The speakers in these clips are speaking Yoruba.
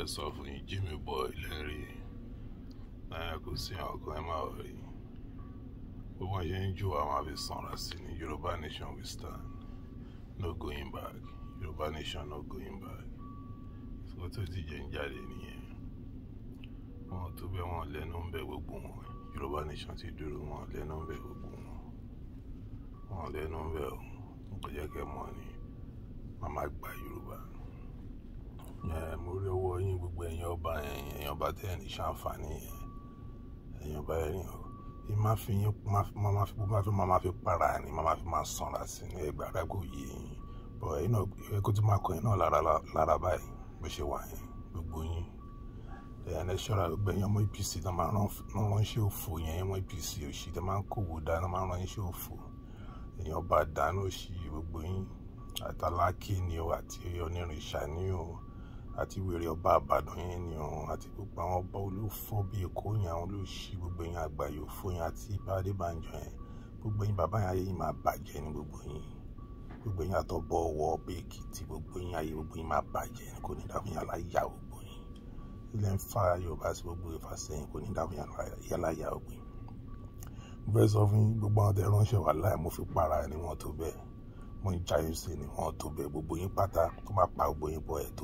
fẹ́ sọ fún yín Jimmy boy lẹ́rìí náà kò sí ọkàn ẹ máa rí bó wọ́n ṣe ń jù wá máa sí ni Yorùbá nation we stand no going back Yorùbá nation no going back ìṣòro tó ti jẹ́ ń jáde nìyẹn wọn tó bẹ wọn lẹ́nu ń bẹ gbogbo wọn Yorùbá nation ti dúró wọn lẹ́nu ń bẹ gbogbo wọn wọn lẹ́nu ń bẹ ò ń kọjá kẹ mọ ni màmá gba Yorùbá èèyàn ọba èèyàn ọba tẹ́ ẹ̀ ní ṣàǹfààní èèyàn ọba ẹ̀rín o ẹ má fi yín má fi má fi má fi para ni má fi má sanra sí ní ẹgbẹ́ arágbó yìí bọ̀ ẹ̀yin náà ẹ kó tí máa kọ yín náà lára lára báyìí bó ṣe wà yín gbogbo yín ẹ̀yàn ẹ̀ṣọ́ra gbogbo ẹ̀yàn ọmọ APC náà máa ránṣẹ́ òfò yẹn ẹ̀yàn ọmọ APC òṣì tẹ́ máa ń kówó dáná máa ránṣẹ́ òfò èèyàn ọba dáná òṣì gbogbo yín àtàlákì ni o àti onírìnṣà ni o àti wèrè ọba àbàdàn yẹn ni ọ̀hún àti gbogbo àwọn ọba olófọ́ bíi èkó yẹn àwọn olóṣì gbogbo yẹn àgbà yòófó yẹn àti bàdé bànjọ yẹn gbogbo yẹn bàbá yẹn ayé yìí máa bàjẹ́ ni gbogbo yẹn gbogbo yẹn àtọ̀bọ̀ ọwọ́ ọba èkìtì gbogbo yẹn ayé gbogbo yẹn máa bàjẹ́ ní kò ní dáhùn yàrá yà gbogbo yẹn ilẹ̀ ń fa yorùbá sí gbogbo ìfà kò ní dáhùn yàrá yà ni wọn tó bẹ́ẹ̀ gbogbo yín pátá tó má pa gbogbo yín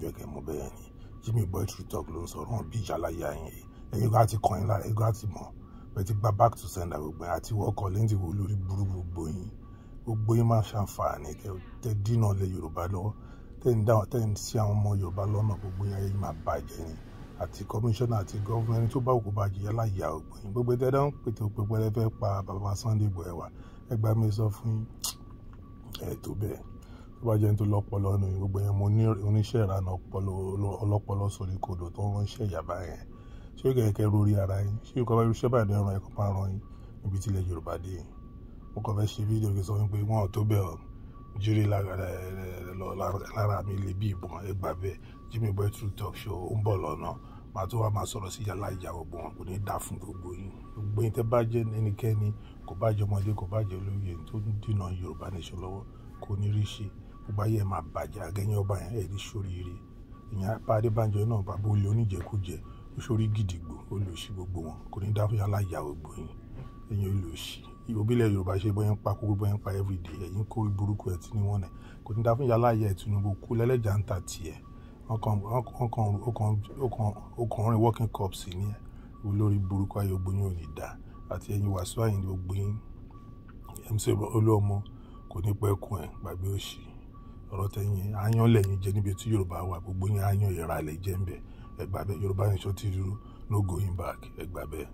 jẹ́ kẹ́ mọ bẹ́ẹ̀ ni Jimmy Boy True Talk ló ń sọ̀rọ̀ bí ìyálàyà yẹn ẹ̀yin gbá ti kàn yín lára ẹ̀yin gbá ti mọ̀ bẹ́ẹ̀ ti gba back to send gbogbo yẹn àti wọ́kọ̀ lẹ́yìn tí wọ́n lórí burú gbogbo yín gbogbo yín máa ṣàǹfààní tẹ dínà lé Yorùbá lọ́wọ́ tẹ̀ ń dáhùn tẹ̀ ń sí àwọn ọmọ Yorùbá lọ́nà gbogbo yẹn yìí máa bàjẹ́ ni àti kọmíṣánná àti gọ́ọ̀mẹ́ntì tó bá òkú bá jìyà láyà ògbìn gbogbo tẹ́ dáhùn pètè òpè pẹ́rẹ́ fẹ́ pa bàbá Sunday Igboho ẹ̀wà ẹgbàá mi sọ fún ẹ̀ tó bẹ́ẹ̀ tó bá jẹ́ ní tó lọ́pọlọ nù gbogbo yẹn mo ní oníṣẹ́ ìlànà ọlọ́pọlọ sórí kodò tó ń ránṣẹ́ ìyàbá yẹn ṣé ó kẹ̀kẹ́ rori ara yín ṣé ó kọ́ bá irúṣẹ́ báyìí ẹran ẹ̀kọ́ máa ran yín níbi tí ilẹ̀ Yorùbá dé yìí mo kàn fẹ́ ṣe fídíò kí n sọ wípé wọn ò tó bẹ̀ jírí lára mi lè bí ìbọn ẹgbà bẹ́ẹ̀ Jimmy Boy True Talk Show ó ń bọ̀ lọ́nà màá tó wá máa sọ̀rọ̀ sí yàrá ìyá gbogbo wọn kò ní dà fún gbogbo yín gbogbo yín tẹ́ bá jẹ́ ẹnikẹ́ni kò bá jẹ́ ọmọdé kò bá jẹ́ olóyè tó ń Yorùbá nation lọ́wọ́ kò ní rí ṣe gbogbo ayé ẹ̀ máa bàjẹ́ agẹ́yìn ọba yẹn ẹ̀ ní sóríire ìyẹn apá adébánjọ náà bàbá olè oníjẹkújẹ sórí gidigbo olùsí gbogbo wọn kò ní dá fúyà láyà gbogbo yín ẹ̀yin olùsí ìbílẹ̀ yorùbá ṣe bọ́yẹn pa kókó bọ́yẹn pa everyday ẹ̀yin kó burúkú ẹ̀ tí ní wọ́n nẹ̀ kò ní dá fúyà láyà ẹ̀ tinubu kú lẹ́lẹ́jà ń tà tiẹ̀ ọkàn rìn working cup sí ni ẹ̀ olórí burúkú ayé gbogbo yín ò ní dá àti ẹ̀yin wàásù àyìn gbogbo yín mc olúọmọ kò ní pẹ́ kún ẹ̀ gbàgbé òṣì ọ̀rọ̀ tẹ̀yìn aáyán lẹ́yìn jẹ́ níbi tí yorùbá wà gbogbo yín aáyán ìràlẹ̀ jẹ́ ń bẹ̀ ẹgbàá bẹ́ẹ̀ yorùbá nation ti rú no going back ẹgbàá bẹ́ẹ̀.